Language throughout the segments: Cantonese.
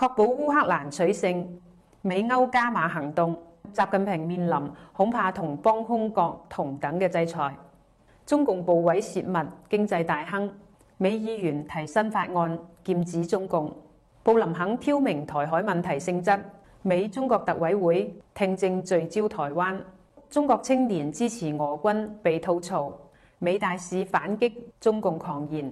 確保烏克蘭取勝，美歐加碼行動，習近平面臨恐怕同幫凶國同等嘅制裁。中共部委洩密經濟大坑，美議員提新法案劍指中共。布林肯挑明台海問題性質，美中國特委會聽證聚焦台灣。中國青年支持俄軍被吐槽，美大使反擊中共狂言。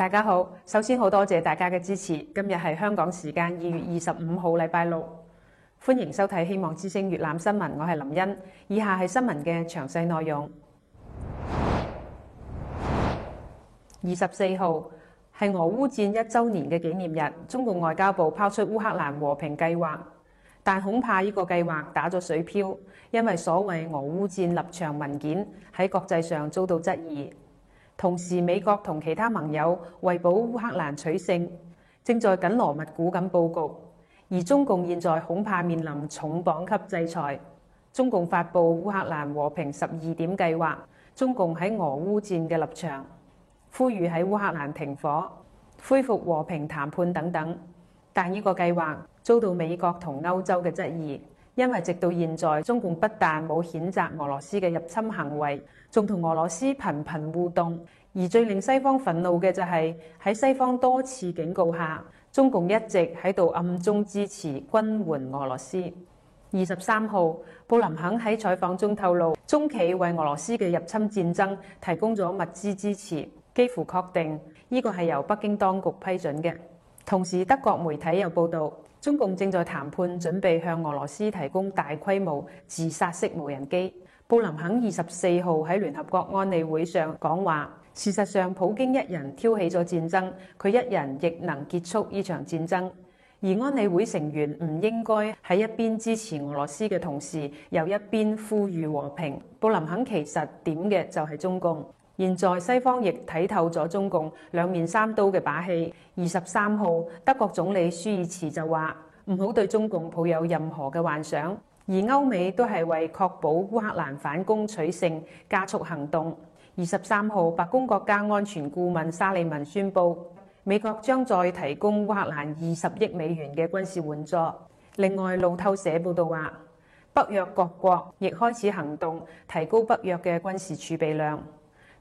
大家好，首先好多謝大家嘅支持。今日係香港時間二月二十五號，禮拜六，歡迎收睇《希望之星粵覽新聞》。我係林茵。以下係新聞嘅詳細內容。二十四號係俄烏戰一周年嘅紀念日，中共外交部拋出烏克蘭和平計劃，但恐怕呢個計劃打咗水漂，因為所謂俄烏戰立場文件喺國際上遭到質疑。同時，美國同其他盟友為保烏克蘭取勝，正在緊鑼密鼓咁佈局。而中共現在恐怕面臨重磅級制裁。中共發布烏克蘭和平十二點計劃，中共喺俄烏戰嘅立場，呼籲喺烏克蘭停火、恢復和平談判等等，但呢個計劃遭到美國同歐洲嘅質疑。因為直到現在，中共不但冇譴責俄羅斯嘅入侵行為，仲同俄羅斯頻頻互動。而最令西方憤怒嘅就係喺西方多次警告下，中共一直喺度暗中支持軍援俄羅斯。二十三號，布林肯喺採訪中透露，中企為俄羅斯嘅入侵戰爭提供咗物資支持，幾乎確定呢個係由北京當局批准嘅。同時，德國媒體又報道。中共正在談判，準備向俄羅斯提供大規模自殺式無人機。布林肯二十四號喺聯合國安理會上講話，事實上普京一人挑起咗戰爭，佢一人亦能結束呢場戰爭。而安理會成員唔應該喺一邊支持俄羅斯嘅同時，又一邊呼籲和平。布林肯其實點嘅就係中共。現在西方亦睇透咗中共兩面三刀嘅把戲。二十三號，德國總理舒爾茨就話：唔好對中共抱有任何嘅幻想。而歐美都係為確保烏克蘭反攻取勝，加速行動。二十三號，白宮國家安全顧問沙利文宣佈，美國將再提供烏克蘭二十億美元嘅軍事援助。另外，路透社報道話，北約各國亦開始行動，提高北約嘅軍事儲備量。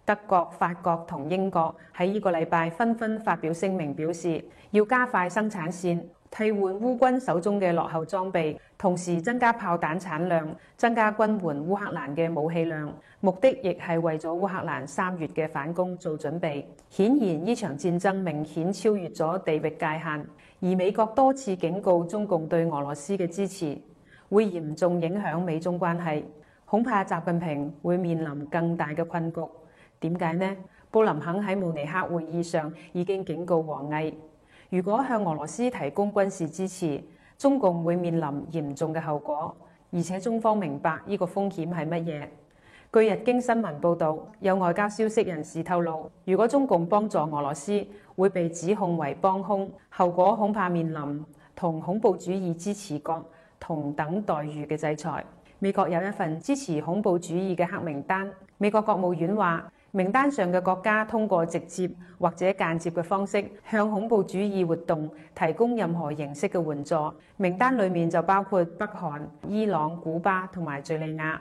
德國、法國同英國喺呢個禮拜紛紛發表聲明，表示要加快生產線，替換烏軍手中嘅落後裝備，同時增加炮彈產量，增加軍援烏克蘭嘅武器量。目的亦係為咗烏克蘭三月嘅反攻做準備。顯然，呢場戰爭明顯超越咗地域界限，而美國多次警告中共對俄羅斯嘅支持會嚴重影響美中關係，恐怕習近平會面臨更大嘅困局。點解呢？布林肯喺慕尼黑會議上已經警告王毅，如果向俄羅斯提供軍事支持，中共會面臨嚴重嘅後果，而且中方明白呢個風險係乜嘢。據《日經新聞》報導，有外交消息人士透露，如果中共幫助俄羅斯，會被指控為幫兇，後果恐怕面臨同恐怖主義支持國同等待遇嘅制裁。美國有一份支持恐怖主義嘅黑名單，美國國務院話。名單上嘅國家通過直接或者間接嘅方式向恐怖主義活動提供任何形式嘅援助。名單裡面就包括北韓、伊朗、古巴同埋敍利亞。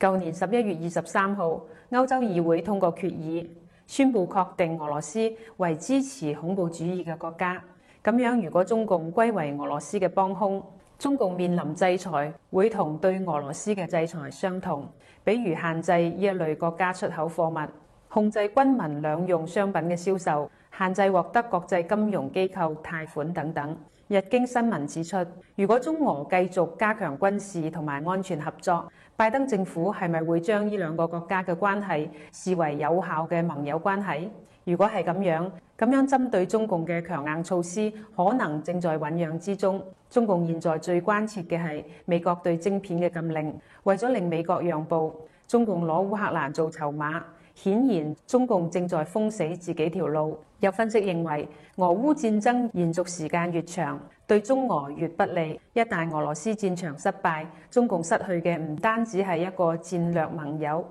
舊年十一月二十三號，歐洲議會通過決議，宣布確定俄羅斯為支持恐怖主義嘅國家。咁樣如果中共歸為俄羅斯嘅幫兇，中共面臨制裁，會同對俄羅斯嘅制裁相同，比如限制一類國家出口貨物。控制軍民兩用商品嘅銷售，限制獲得國際金融機構貸款等等。日經新聞指出，如果中俄繼續加強軍事同埋安全合作，拜登政府係咪會將呢兩個國家嘅關係視為有效嘅盟友關係？如果係咁樣，咁樣針對中共嘅強硬措施可能正在醞釀之中。中共現在最關切嘅係美國對晶片嘅禁令，為咗令美國讓步，中共攞烏克蘭做籌碼。顯然中共正在封死自己條路。有分析認為，俄烏戰爭延續時間越長，對中俄越不利。一旦俄羅斯戰場失敗，中共失去嘅唔單止係一個戰略盟友，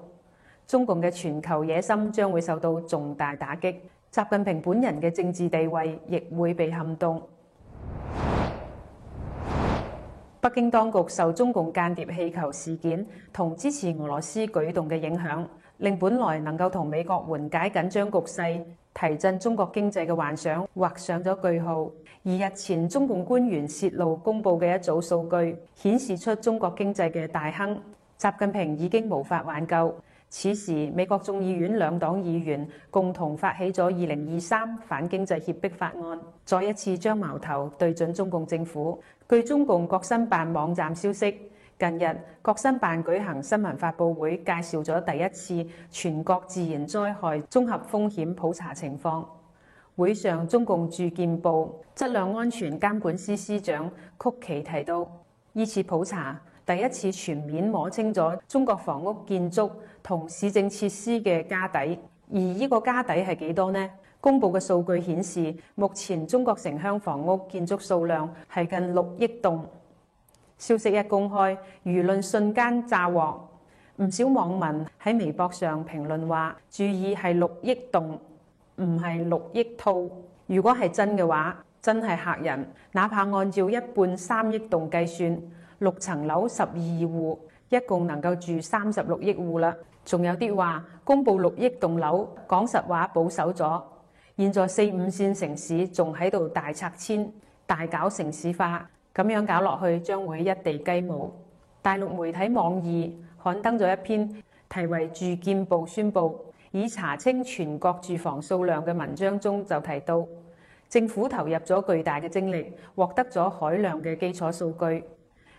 中共嘅全球野心將會受到重大打擊。習近平本人嘅政治地位亦會被撼動。北京當局受中共間諜氣球事件同支持俄羅斯舉動嘅影響。令本來能夠同美國緩解緊張局勢、提振中國經濟嘅幻想畫上咗句號。而日前中共官員泄露公佈嘅一組數據，顯示出中國經濟嘅大坑。習近平已經無法挽救。此時，美國眾議院兩黨議員共同發起咗二零二三反經濟脅迫法案，再一次將矛頭對準中共政府。據中共國新辦網站消息。近日，國新辦舉行新聞發佈會，介紹咗第一次全國自然災害綜合風險普查情況。會上，中共住建部質量安全監管司司長曲奇提到，依次普查，第一次全面摸清咗中國房屋建築同市政設施嘅家底。而呢個家底係幾多呢？公佈嘅數據顯示，目前中國城鄉房屋建築數量係近六億棟。消息一公開，輿論瞬間炸鑊。唔少網民喺微博上評論話：注意係六億棟，唔係六億套。如果係真嘅話，真係嚇人。哪怕按照一半三億棟計算，六層樓十二戶，一共能夠住三十六億戶啦。仲有啲話，公布六億棟樓，講實話保守咗。現在四五線城市仲喺度大拆遷，大搞城市化。咁樣搞落去，將會一地雞毛。大陸媒體網易刊登咗一篇題為《住建部宣佈已查清全國住房數量》嘅文章中就提到，政府投入咗巨大嘅精力，獲得咗海量嘅基礎數據，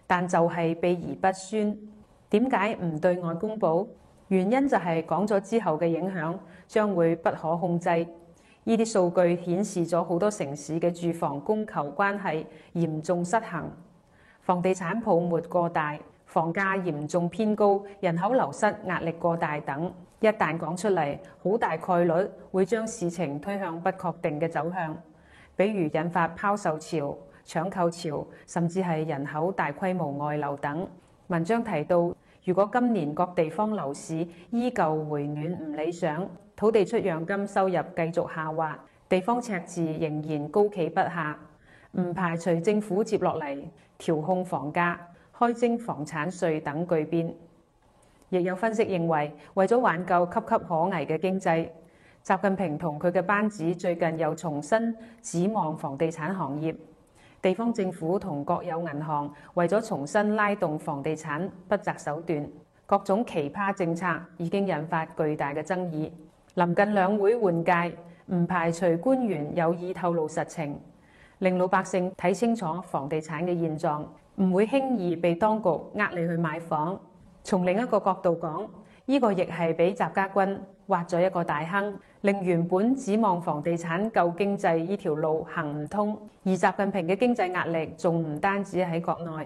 但就係避而不宣。點解唔對外公佈？原因就係講咗之後嘅影響將會不可控制。呢啲數據顯示咗好多城市嘅住房供求關係嚴重失衡，房地產泡沫過大，房價嚴重偏高，人口流失壓力過大等。一旦講出嚟，好大概率會將事情推向不確定嘅走向，比如引發拋售潮、搶購潮，甚至係人口大規模外流等。文章提到，如果今年各地方樓市依舊回暖唔理想，土地出讓金收入繼續下滑，地方赤字仍然高企不下，唔排除政府接落嚟調控房價、開徵房產稅等巨變。亦有分析認為，為咗挽救岌岌可危嘅經濟，習近平同佢嘅班子最近又重新指望房地產行業，地方政府同國有銀行為咗重新拉動房地產，不擇手段，各種奇葩政策已經引發巨大嘅爭議。臨近兩會換屆，唔排除官員有意透露實情，令老百姓睇清楚房地產嘅現狀，唔會輕易被當局呃你去買房。從另一個角度講，呢個亦係俾習家軍挖咗一個大坑，令原本指望房地產救經濟呢條路行唔通。而習近平嘅經濟壓力仲唔單止喺國內。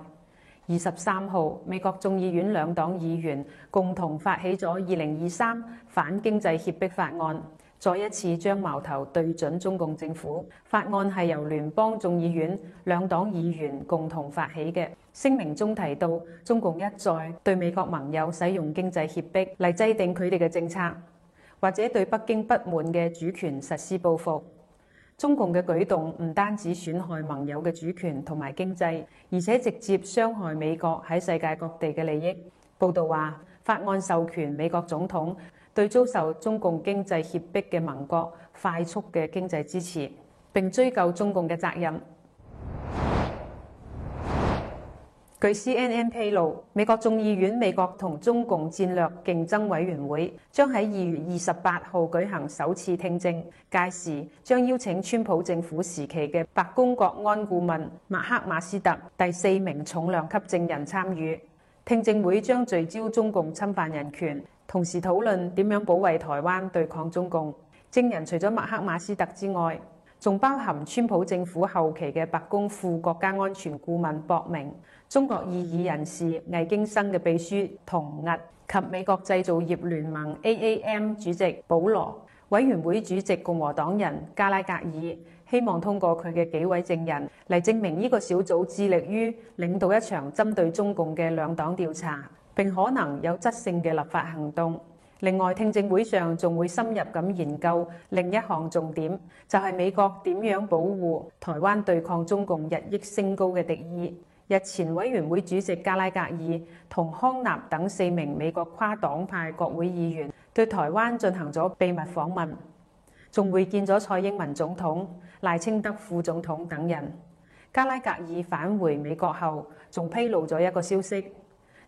二十三號，美國眾議院兩黨議員共同發起咗二零二三反經濟脅迫法案，再一次將矛頭對準中共政府。法案係由聯邦眾議院兩黨議員共同發起嘅。聲明中提到，中共一再對美國盟友使用經濟脅迫嚟制定佢哋嘅政策，或者對北京不滿嘅主權實施報復。中共嘅舉動唔單止損害盟友嘅主權同埋經濟，而且直接傷害美國喺世界各地嘅利益。報道話，法案授權美國總統對遭受中共經濟脅迫嘅盟國快速嘅經濟支持，並追究中共嘅責任。據 CNN 披露，美國眾議院美國同中共戰略競爭委員會將喺二月二十八號舉行首次聽證，屆時將邀請川普政府時期嘅白宮國安顧問麥克馬斯特第四名重量級證人參與，聽證會將聚焦中共侵犯人權，同時討論點樣保衞台灣對抗中共。證人除咗麥克馬斯特之外，仲包含川普政府後期嘅白宮副國家安全顧問博明。。中國異議人士魏京生嘅秘書童屹及美國製造業聯盟日前，委員會主席加拉格爾同康納等四名美國跨黨派國會議員對台灣進行咗秘密訪問，仲會見咗蔡英文總統、賴清德副總統等人。加拉格爾返回美國後，仲披露咗一個消息，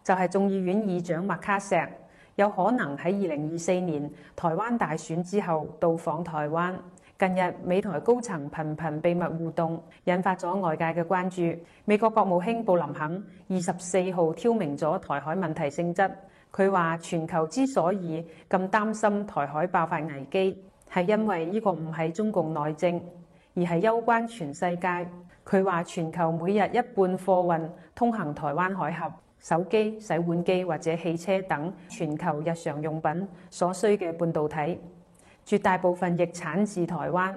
就係眾議院議長麥卡錫有可能喺二零二四年台灣大選之後到訪台灣。近日美台高層頻頻秘密互動，引發咗外界嘅關注。美國國務卿布林肯二十四號挑明咗台海問題性質，佢話全球之所以咁擔心台海爆發危機，係因為呢個唔係中共內政，而係攸關全世界。佢話全球每日一半貨運通行台灣海峽，手機、洗碗機或者汽車等全球日常用品所需嘅半導體絕大部分亦產自台灣。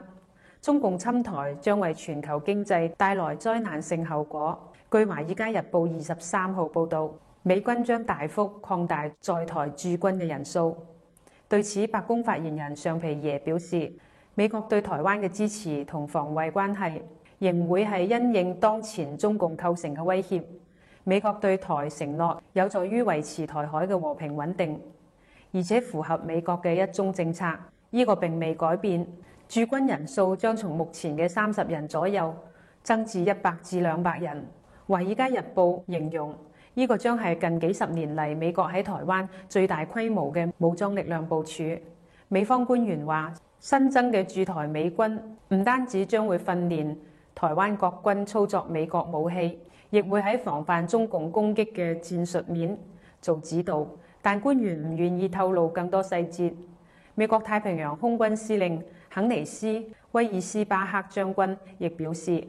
中共侵台將為全球經濟帶來災難性後果。據《華爾街日報》二十三號報導，美軍將大幅擴大在台駐軍嘅人數。對此，白宮發言人尚皮耶表示，美國對台灣嘅支持同防衛關係仍會係因應當前中共構成嘅威脅。美國對台承諾有助於維持台海嘅和平穩定，而且符合美國嘅一中政策。呢個並未改變，駐軍人數將從目前嘅三十人左右增至一百至兩百人。《華爾街日報》形容呢個將係近幾十年嚟美國喺台灣最大規模嘅武裝力量部署。美方官員話，新增嘅駐台美軍唔單止將會訓練台灣國軍操作美國武器，亦會喺防範中共攻擊嘅戰術面做指導，但官員唔願意透露更多細節。美國太平洋空軍司令肯尼斯·威爾斯巴克將軍亦表示：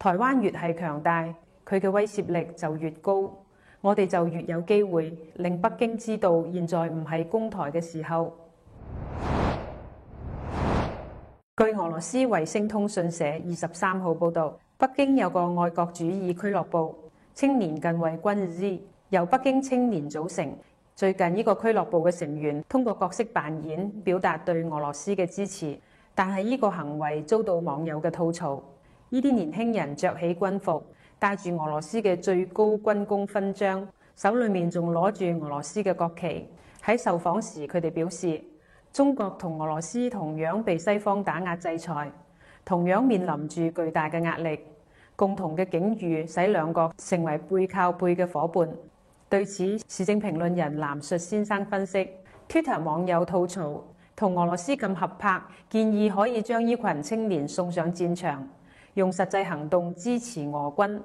台灣越係強大，佢嘅威懾力就越高，我哋就越有機會令北京知道現在唔係攻台嘅時候。 據俄羅斯衛星通訊社二十三號報導，北京有個愛國主義俱樂部——青年近衛軍師，由北京青年組成。最近呢個俱樂部嘅成員通過角色扮演表達對俄羅斯嘅支持，但係呢個行為遭到網友嘅吐槽。呢啲年輕人着起軍服，戴住俄羅斯嘅最高軍功勳章，手裏面仲攞住俄羅斯嘅國旗。喺受訪時，佢哋表示中國同俄羅斯同樣被西方打壓制裁，同樣面臨住巨大嘅壓力，共同嘅境遇使兩國成為背靠背嘅伙伴。對此，時政評論人藍述先生分析，Twitter 網友吐槽同俄羅斯咁合拍，建議可以將依群青年送上戰場，用實際行動支持俄軍。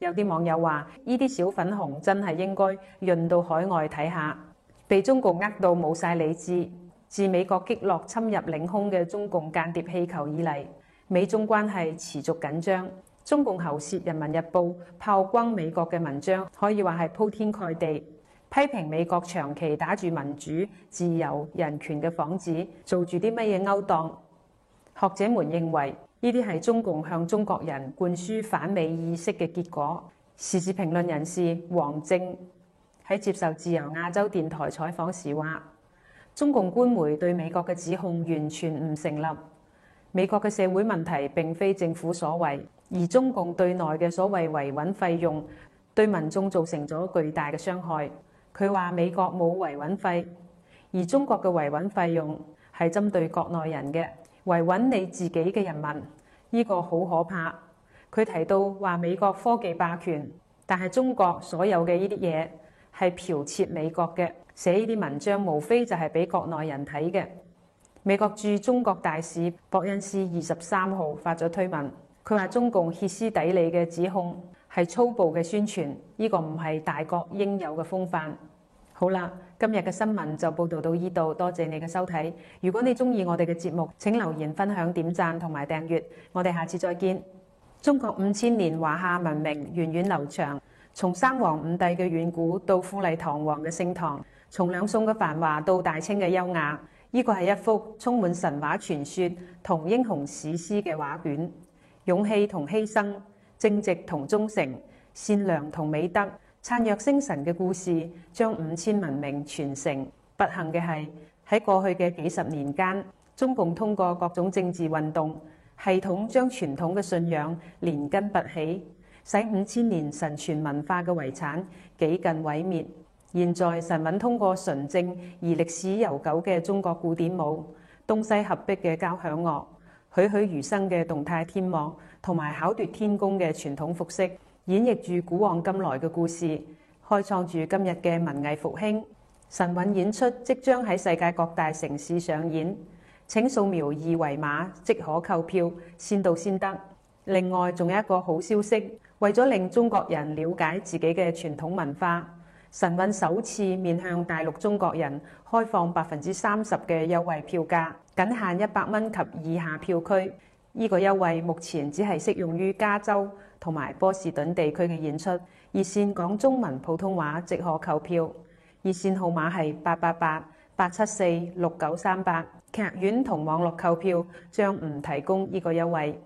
有啲網友話：呢啲小粉紅真係應該潤到海外睇下，被中共呃到冇晒理智。自美國擊落侵入領空嘅中共間諜氣球以嚟，美中關係持續緊張。中共喉舌《人民日報》炮轟美國嘅文章，可以話係鋪天蓋地，批評美國長期打住民主、自由、人權嘅幌子，做住啲乜嘢勾當。學者們認為呢啲係中共向中國人灌輸反美意識嘅結果。時事評論人士王正喺接受自由亞洲電台採訪時話，中共官媒對美國嘅指控完全唔成立，美國嘅社會問題並非政府所為。而中共對內嘅所謂維穩費用對民眾造成咗巨大嘅傷害。佢話美國冇維穩費，而中國嘅維穩費用係針對國內人嘅維穩，你自己嘅人民，呢個好可怕。佢提到話美國科技霸權，但係中國所有嘅呢啲嘢係剽竊美國嘅。寫呢啲文章，無非就係俾國內人睇嘅。美國駐中國大使博恩斯二十三號發咗推文。佢話：中共歇斯底里嘅指控係粗暴嘅宣傳，呢個唔係大國應有嘅風範。好啦，今日嘅新聞就報道到呢度，多謝你嘅收睇。如果你中意我哋嘅節目，請留言分享、點讚同埋訂閱。我哋下次再見。中國五千年華夏文明源遠流長，從三皇五帝嘅遠古到富麗堂皇嘅盛唐，從兩宋嘅繁華到大清嘅優雅，呢個係一幅充滿神話傳說同英雄史詩嘅畫卷。勇氣同犧牲，正直同忠誠，善良同美德，燦若星辰嘅故事，將五千文明傳承。不幸嘅係喺過去嘅幾十年間，中共通過各種政治運動，系統將傳統嘅信仰連根拔起，使五千年神傳文化嘅遺產幾近毀滅。現在神韻通過純正而歷史悠久嘅中國古典舞，東西合璧嘅交響樂。栩栩如生嘅動態天幕，同埋巧奪天工嘅傳統服飾，演繹住古往今來嘅故事，開創住今日嘅文藝復興。神韻演出即將喺世界各大城市上演。請掃描二維碼即可購票，先到先得。另外，仲有一個好消息，為咗令中國人了解自己嘅傳統文化。神韻首次面向大陸中國人開放百分之三十嘅優惠票價，僅限一百蚊及以下票區。呢個優惠目前只係適用於加州同埋波士頓地區嘅演出。熱線講中文普通話即可購票，熱線號碼係八八八八七四六九三八。劇院同網絡購票將唔提供呢個優惠。